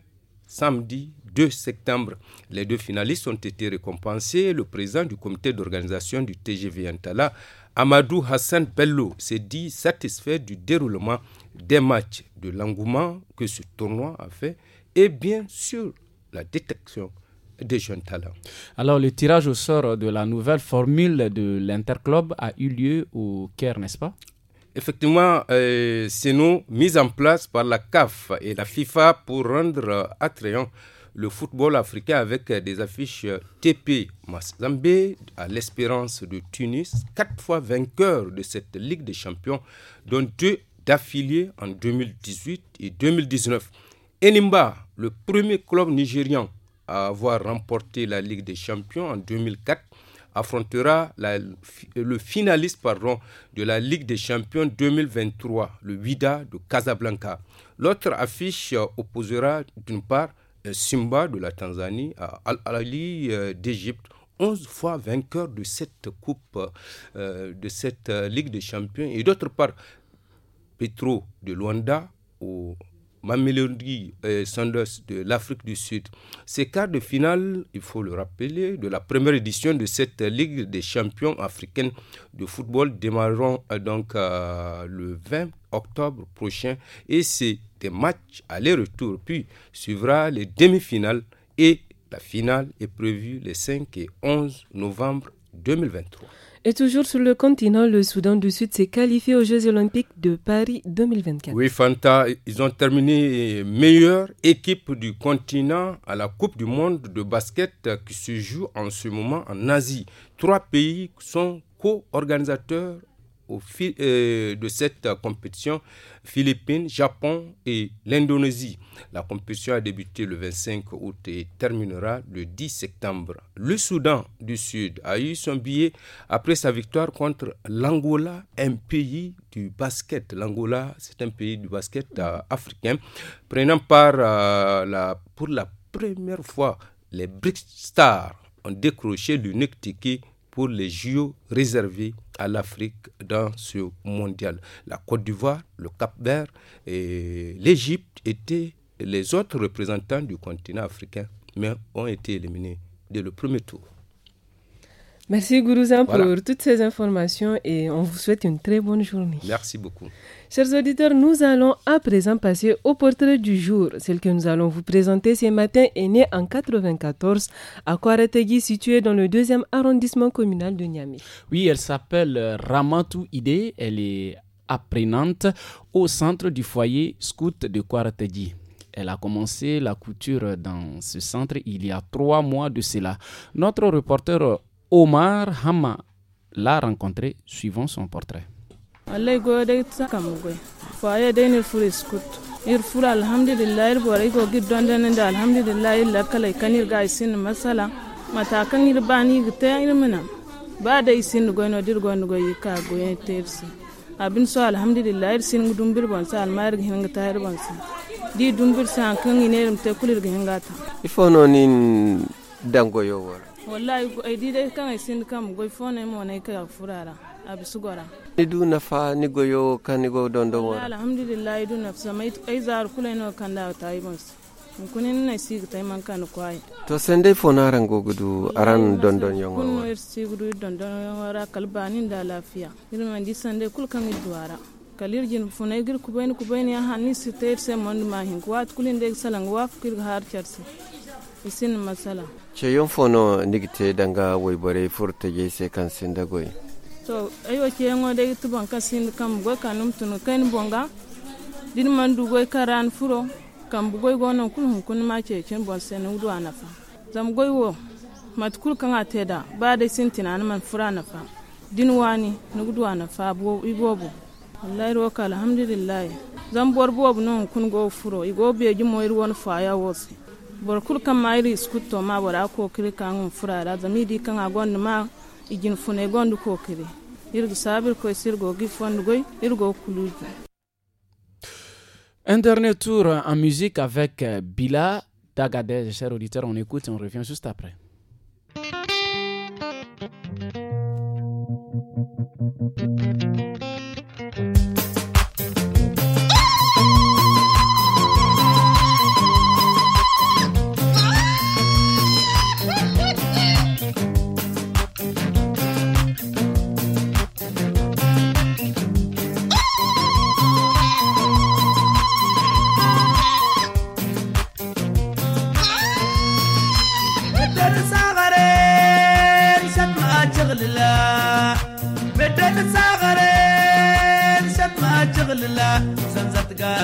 samedi septembre. Les deux finalistes ont été récompensés. Le président du comité d'organisation du TGV Antala, Amadou Hassan Bello, s'est dit satisfait du déroulement des matchs, de l'engouement que ce tournoi a fait et bien sûr la détection des jeunes talents. Alors, le tirage au sort de la nouvelle formule de l'Interclub a eu lieu au Caire, n'est-ce pas Effectivement, euh, c'est nous, mise en place par la CAF et la FIFA pour rendre euh, attrayant le football africain avec des affiches TP Mazembe à l'espérance de Tunis, quatre fois vainqueur de cette Ligue des champions, dont deux d'affiliés en 2018 et 2019. Enimba, le premier club nigérian à avoir remporté la Ligue des champions en 2004, affrontera le finaliste pardon, de la Ligue des champions 2023, le Vida de Casablanca. L'autre affiche opposera d'une part euh, Simba de la Tanzanie, à Al-Ali euh, d'Égypte, 11 fois vainqueur de cette coupe, euh, de cette Ligue des Champions, et d'autre part, Petro de Luanda ou Mamelodi Sanders de l'Afrique du Sud. Ces quarts de finale, il faut le rappeler, de la première édition de cette Ligue des champions africaines de football démarrant donc le 20 octobre prochain et c'est des matchs aller-retour, puis suivra les demi-finales et la finale est prévue les 5 et 11 novembre 2023. Et toujours sur le continent, le Soudan du Sud s'est qualifié aux Jeux olympiques de Paris 2024. Oui, Fanta, ils ont terminé meilleure équipe du continent à la Coupe du monde de basket qui se joue en ce moment en Asie. Trois pays sont co-organisateurs au fil euh, de cette compétition, Philippines, Japon et l'Indonésie. La compétition a débuté le 25 août et terminera le 10 septembre. Le Soudan du Sud a eu son billet après sa victoire contre l'Angola, un pays du basket. L'Angola, c'est un pays du basket euh, africain, prenant part euh, la, pour la première fois les BRICS Stars ont décroché neck ticket pour les JO réservés à l'Afrique dans ce mondial. La Côte d'Ivoire, le Cap Vert et l'Égypte étaient les autres représentants du continent africain, mais ont été éliminés dès le premier tour. Merci Gourouzan pour toutes ces informations et on vous souhaite une très bonne journée. Merci beaucoup. Chers auditeurs, nous allons à présent passer au portrait du jour. Celle que nous allons vous présenter ce matin est née en 94 à Kwaretegui, située dans le deuxième arrondissement communal de Niamey. Oui, elle s'appelle Ramatou Ide. Elle est apprenante au centre du foyer scout de Kwaretegui. Elle a commencé la couture dans ce centre il y a trois mois de cela. Notre reporter Omar Hamma l'a rencontré suivant son portrait. wallahi de dai sakamu goy faye dai ne furi skut ir fura alhamdulillah ir bora igo giddon da nan da alhamdulillah ir lakalai kan ir ga isin masala matakan ir bani gite ir mina ba da isin goy no dir goy goy ka goy tersi abin so alhamdulillah ir sin dumbir bon sa almayar hin ga tayar bon sa di dumbir sa kan ine rim te kulir ga hingata ifo no nin dangoyo wora wallahi di eh, dai kan sin kam goy fone mo ne ka furara abi sugora idu nafa ni goyo kan ni go don don wala alhamdulillah idu nafsa mai ai zar kula no kan da ta yi mas kunin na si ta man kan ai to sen dai fona ran go gudu aran don don yon kun no si gudu don don yon wara kalbanin da lafiya irin man di sen dai kul kan duara kalir jin fona gir ku kubaini ya hanni si tayir se mon mahin at kulin dai salang waf kir har charse isin masala ce yin fono nigite danga woybore furta je se kan da goyi to ayo ke ngo dai tuban kan sin kam go kanum tunu kan bonga din man du goy karan furo kan bu goy gono kun hun kun ma ce cin bon sen udu anafa zam goyi wo mat kul kan da ba da sin tinan man fura nafa din wani nugudu anafa bo ibobo wallahi roka alhamdulillah zan bor bu non kun go furo igo beji moyir fa ya wosi bor kul kam ma iri skutto ma bora ko kiri kan furara zami di kan agon ma igin fune gondu ko kiri irgo sabir ko sirgo gi fondu goy irgo kuluju un dernier tour en musique avec euh, Bila Dagadez, chers auditeurs, on écoute et on revient juste après. thank you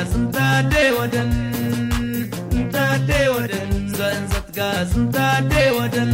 sun ta dai wadan sun ta dai wadan zan zatka sun ta dai wadan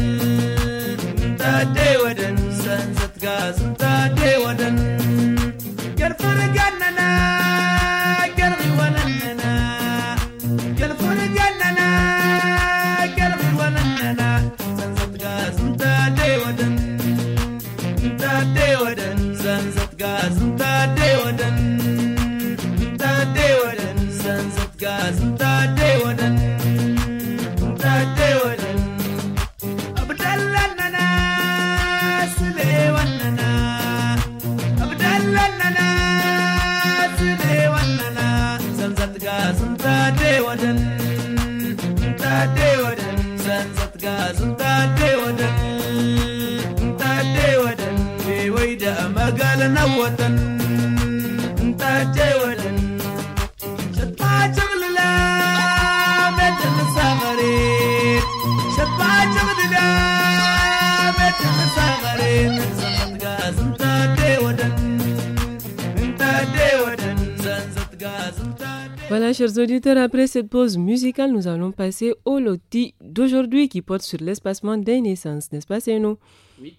auditeurs, après cette pause musicale, nous allons passer au loti d'aujourd'hui qui porte sur l'espacement des naissances, n'est-ce pas, nous Oui.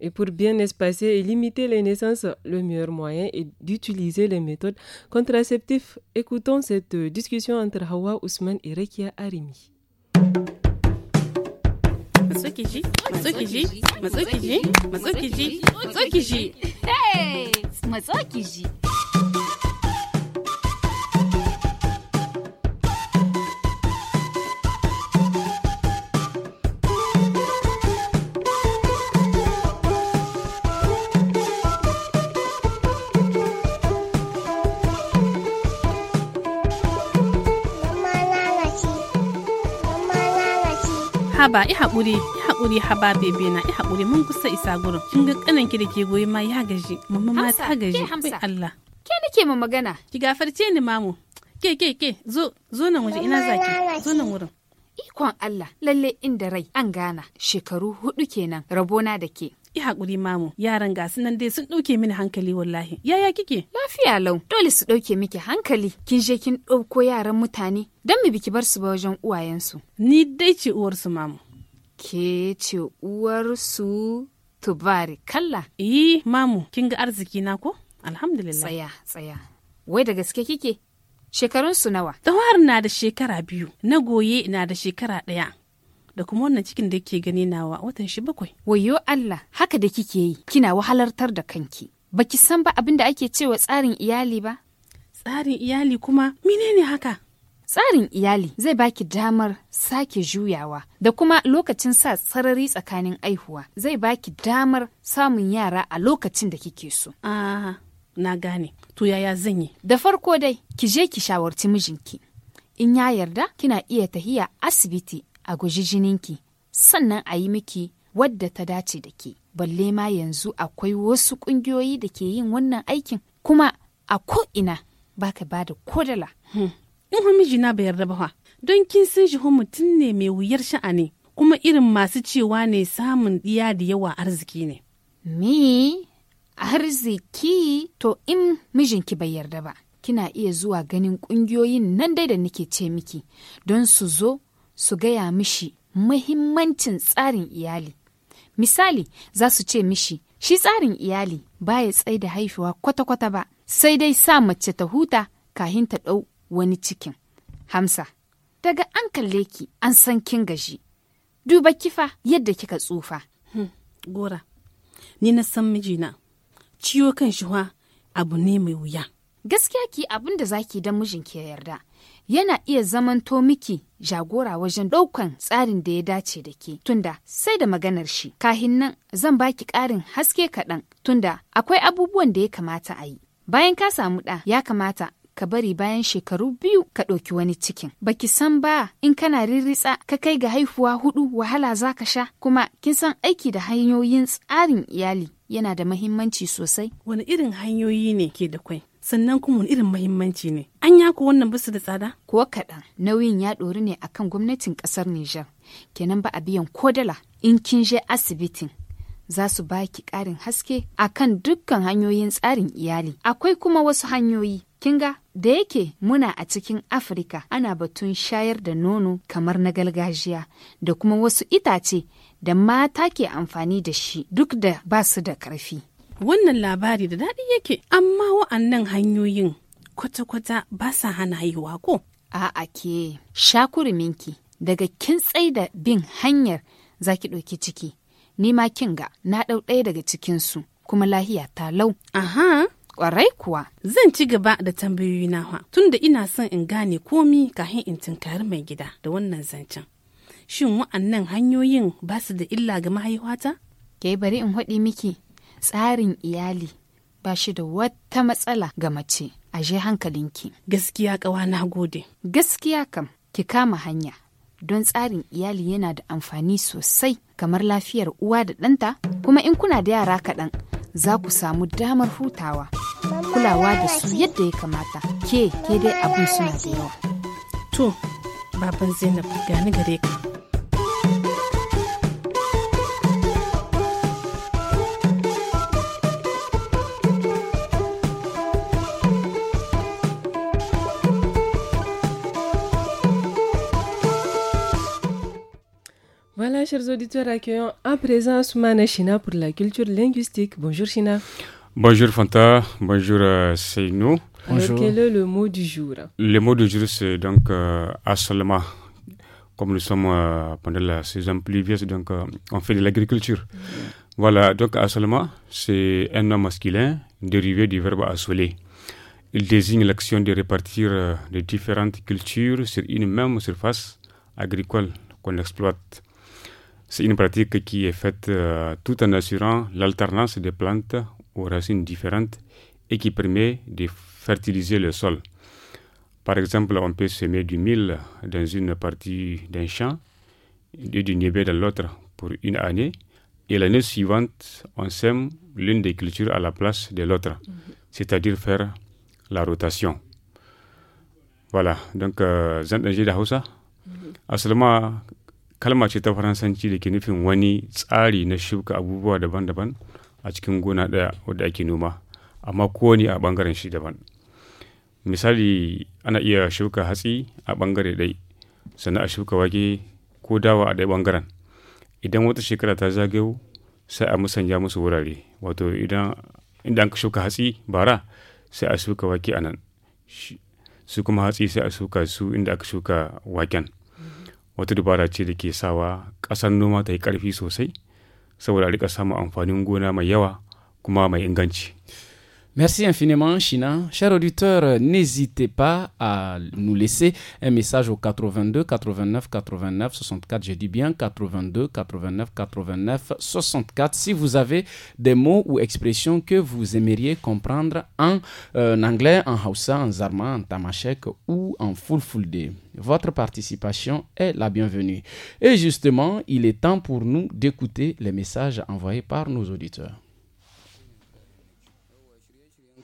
Et pour bien espacer et limiter les naissances, le meilleur moyen est d'utiliser les méthodes contraceptives. Écoutons cette discussion entre Hawa Ousmane et Rekia Arimi. Kiji, Maso Kiji, Maso Kiji. Hey! haba i haƙuri i haƙuri haba bebe na i haƙuri mun kusa isa gurin kin ga kanan ki da ke goyi ma ya gaji mamma ma ta gaji kai Allah ke nake ma magana ki gafarce ni mamu ke ke ke zo zo nan waje ina zaki zo nan wurin ikon Allah lalle inda rai an gana shekaru hudu kenan rabona da ke yi hakuri mamu yaran ga nan dai sun ɗauke mini hankali wallahi yaya kike lafiya lau dole su ɗauke miki hankali kin je kin ɗauko yaran mutane don mu biki bar su ba wajen uwayensu ni dai ce uwarsu mamu ke ce uwarsu tubari kalla yi eh, mamu kin ga arziki na ko alhamdulillah tsaya tsaya wai da gaske kike shekarunsu nawa tawar na da shekara biyu na goye na da shekara ɗaya da kuma wannan cikin da ke gani nawa watan shi bakwai. Wayo Allah haka da kike yi kina wahalartar da kanki. Baki san ba abin da ake cewa tsarin iyali ba? Tsarin iyali kuma menene haka? Tsarin iyali zai baki damar sake juyawa da kuma lokacin sa sarari tsakanin aihuwa zai baki damar samun yara a lokacin da kike so. Aha, na gane. To yaya zan yi? Da farko dai, ki je ki shawarci mijinki. In ya yarda, kina iya tahiya asibiti a guji jininki sannan a yi miki wadda ta dace da ke balle ma yanzu akwai wasu ƙungiyoyi da ke yin wannan aikin kuma a ko'ina baka ba da kodala. Hmm. in hun mijina bayar da ba don kin san shi mutum ne mai wuyar sha'ani kuma irin masu cewa ne samun ɗiya da yawa arziki ne. Me arziki to in mijinki bai yarda ba kina iya zuwa ganin ƙungiyoyin nan dai da nake ce miki don su zo su gaya mishi mahimmancin tsarin iyali. Misali, za su ce mishi, shi tsarin iyali ba ya tsaye da haifuwa kwata-kwata ba, sai dai sa mace ta huta kahin ta ɗau wani cikin. Hamsa, daga an kalle ki an san kin gaji, duba kifa yadda kika tsufa. Hmm, gora, ni na san mijina, ciwo kan shi abu ne mai wuya. Gaskiya ki abin da zaki dan mijin ke yarda. Yana iya zamanto miki jagora wajen ɗaukan tsarin da ya dace da ke tunda sai da maganar shi. Kahin nan zan baki ƙarin haske kaɗan tunda akwai abubuwan da ya kamata a yi. Bayan ka samu ɗa ya kamata ka bari bayan shekaru biyu ka ɗauki wani cikin. Baki san ba in kana rirritsa ka kai ga haihuwa hudu wahala za ka sha kuma kin san aiki da hanyoyin tsarin iyali yana da mahimmanci sosai. Wani irin hanyoyi ne ke da kwai? sannan kuma irin mahimmanci ne an ya ku wannan bisa da tsada ko kaɗan nauyin ya ɗori ne akan gwamnatin ƙasar Nijar kenan ba a biyan ko dala in kin je asibitin za su baki ƙarin haske a kan dukkan hanyoyin tsarin iyali akwai kuma wasu hanyoyi kinga da yake muna a cikin afirka ana batun shayar da nono kamar na gargajiya da kuma wasu itace da mata ke amfani da shi duk da ba su da ƙarfi wannan labari da daɗi yake amma wa'annan hanyoyin kwata-kwata ba sa hana haihuwa ko a'a ke minki daga kin da bin hanyar zaki ɗauki ciki ni ma kin ga na ɗau ɗaya daga cikinsu kuma lahiya ta lau aha kwarai kuwa. Zan ci gaba da tambayoyi nawa tunda ina son in gane komi kafin in tunkari mai gida da wannan zancen. Shin wa'annan hanyoyin ba su da illa ga mahaihuwata? Ke bari in haɗi miki tsarin iyali ba shi da wata matsala ga mace a je hankalinki. Gaskiya kawa na gode. Gaskiya kam ki kama hanya don tsarin iyali yana da amfani sosai kamar lafiyar uwa da ɗanta kuma in kuna da yara kaɗan za ku samu damar hutawa kulawa da su yadda ya kamata ke ke dai abin suna da yawa. To, baban Zainab gani gare ka. chers auditeurs, accueillons à présent Soumane China pour la culture linguistique. Bonjour China. Bonjour Fanta, bonjour euh, Seynou. quel est le mot du jour Le mot du jour, c'est donc euh, Comme nous sommes euh, pendant la saison pluvieuse, donc euh, on fait de l'agriculture. Mm. Voilà, donc assalama c'est un nom masculin dérivé du verbe assoler. Il désigne l'action de répartir les différentes cultures sur une même surface agricole qu'on exploite. C'est une pratique qui est faite euh, tout en assurant l'alternance des plantes aux racines différentes et qui permet de fertiliser le sol. Par exemple, on peut semer du mil dans une partie d'un champ et du nibé dans l'autre pour une année. Et l'année suivante, on sème l'une des cultures à la place de l'autre, mhm. c'est-à-dire faire la rotation. Voilà, donc euh, zan Hausa. kalma ce ta faransanci da ke nufin wani tsari na shuka abubuwa daban-daban a cikin gona ɗaya wadda ake noma amma kowane a ɓangaren shi daban misali ana iya shuka hatsi a ɓangare ɗai sannan a shuka wake ko dawa a ɗaya ɓangaren idan wata shekara ta zagayo sai a musanya musu wurare wato idan inda ka shuka hatsi bara sai a shuka wake a nan su kuma hatsi sai a shuka su inda aka shuka waken wata dubara ce da ke sawa ƙasar noma ta yi ƙarfi sosai saboda a rika samun amfanin gona mai yawa kuma mai inganci. Merci infiniment, China. Chers auditeurs, n'hésitez pas à nous laisser un message au 82 89 89 64. Je dis bien 82 89 89 64. Si vous avez des mots ou expressions que vous aimeriez comprendre euh, en, anglais, en Hausa, en Zarma, en Tamashek ou en Fulfulde, votre participation est la bienvenue. Et justement, il est temps pour nous d'écouter les messages envoyés par nos auditeurs.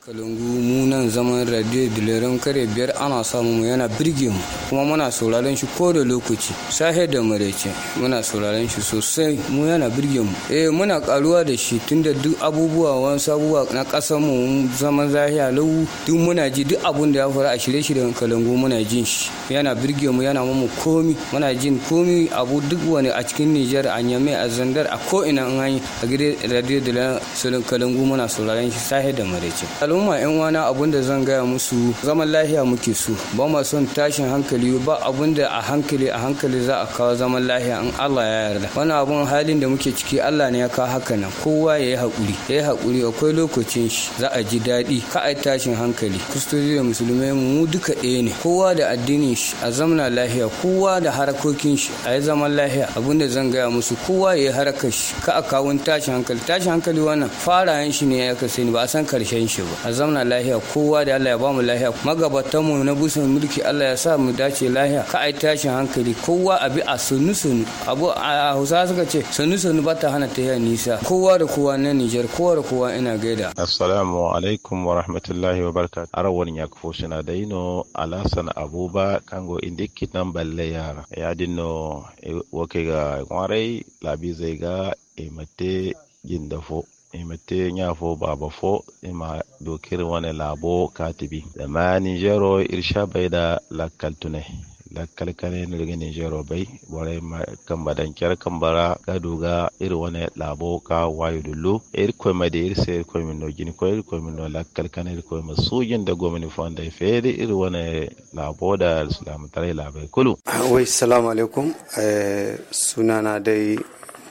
Kalungu munan zaman radio dileran kare biyar ana samu mu yana birge mu kuma muna sauraron shi ko da lokaci sahe da marece muna sauraron shi sosai mu yana birge mu eh muna karuwa da shi tunda duk abubuwa wan sabuwa na kasar mu zaman zahiya lau duk muna ji duk abun da ya faru a shirye shiryen kalungu muna jin shi yana birge mu yana mu komi muna jin komi abu duk wani a cikin Nijar a Nyame a Zandar a ko ina an yi a gidan radio dileran kalungu muna sauraron shi sahe da marece al'umma yan uwana abun da zan gaya musu zaman lahiya muke so ba ma son tashin hankali ba abun da a hankali a hankali za a kawo zaman lahiya in Allah ya yarda wani abun halin da muke ciki Allah ne ya kawo haka nan kowa ya yi hakuri ya yi hakuri akwai lokacin shi za a ji daɗi ka a tashin hankali kustoci da musulmai mu duka ɗaya ne kowa da addinin shi a zamana lahiya kowa da harakokin shi a yi zaman lahiya abun da zan gaya musu kowa ya yi harakar shi ka a kawo tashin hankali tashin hankali wannan farayen shi ne ya kasance ba a san karshen shi ba a zamna lahiya kowa da Allah ya mu lahiya magabatan mu na busun mulki Allah ya sa mu dace lahiya ka ai tashin hankali kowa abi a sunu sunu abu a Hausa suka ce sunu sunu ba ta hana ta nisa kowa da kowa na Niger kowa da kowa ina gaida assalamu alaikum wa rahmatullahi wa barakatuh arawan yakufo suna daino alasan abuba kango indikit nan balle yara ya dinno eh, wake ga kwarai labi zai ga imate eh, jin dafo imete ɲafo baba fo ima dokir wane labo katibi da ma nigero irsha bai da lakaltune ne daga nigero bai bore kan badan kyar kan bara ga doga iri wane labo ka wayo dullo iri koy ma de iri se iri koy min no gini koy iri koy min lakal lakkalkane iri koy ma sujin da gomini fonda fere iri wane labo da islam tare labai kulu wai ah, salamu alaikum eh, sunana dai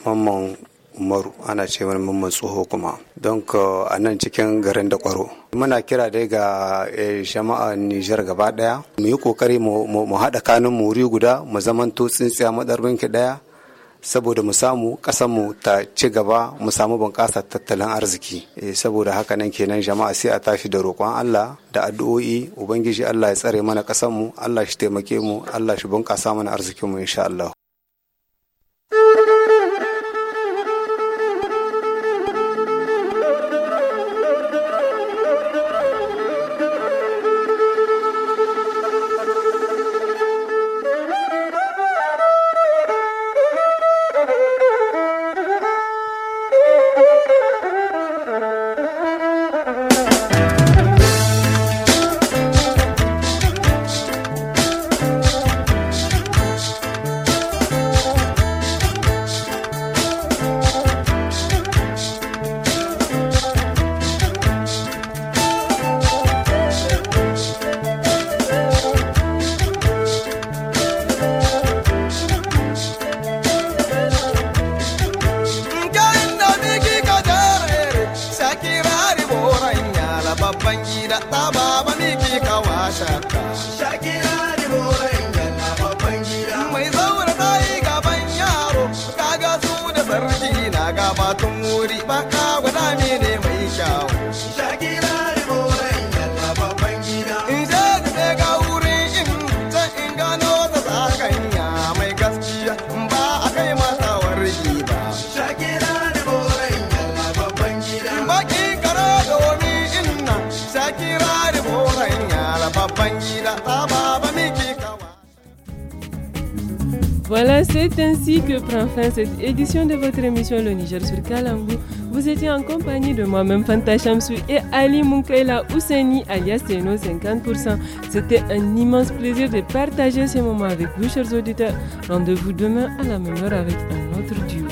mamman umaru ana ce mana mamman tsoho kuma don a nan cikin garin da kwaro muna kira dai ga eh, jama'a nijar gaba daya mu yi kokari mu haɗa kanun mu wuri guda mu zamanto tsintsiya madarbin ki daya saboda mu samu mu ta ci gaba mu samu bunƙasar tattalin arziki eh, saboda haka nan kenan jama'a sai a tashi da roƙon Allah da addu'o'i ubangiji Allah ya tsare mana mu Allah shi taimake mu Allah shi bunƙasa mana arzikinmu insha Allah cette édition de votre émission Le Niger sur Kalambu Vous étiez en compagnie de moi-même Fanta Chamsou et Ali Munkaila Ouseni alias Teno 50%. C'était un immense plaisir de partager ce moment avec vous, chers auditeurs. Rendez-vous demain à la même heure avec un autre duo.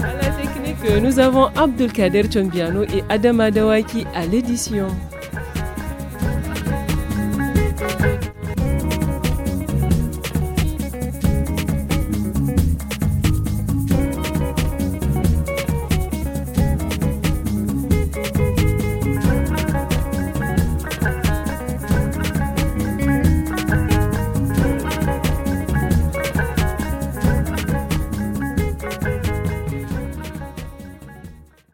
À la technique, nous avons Abdelkader et Adam Adawaki à l'édition.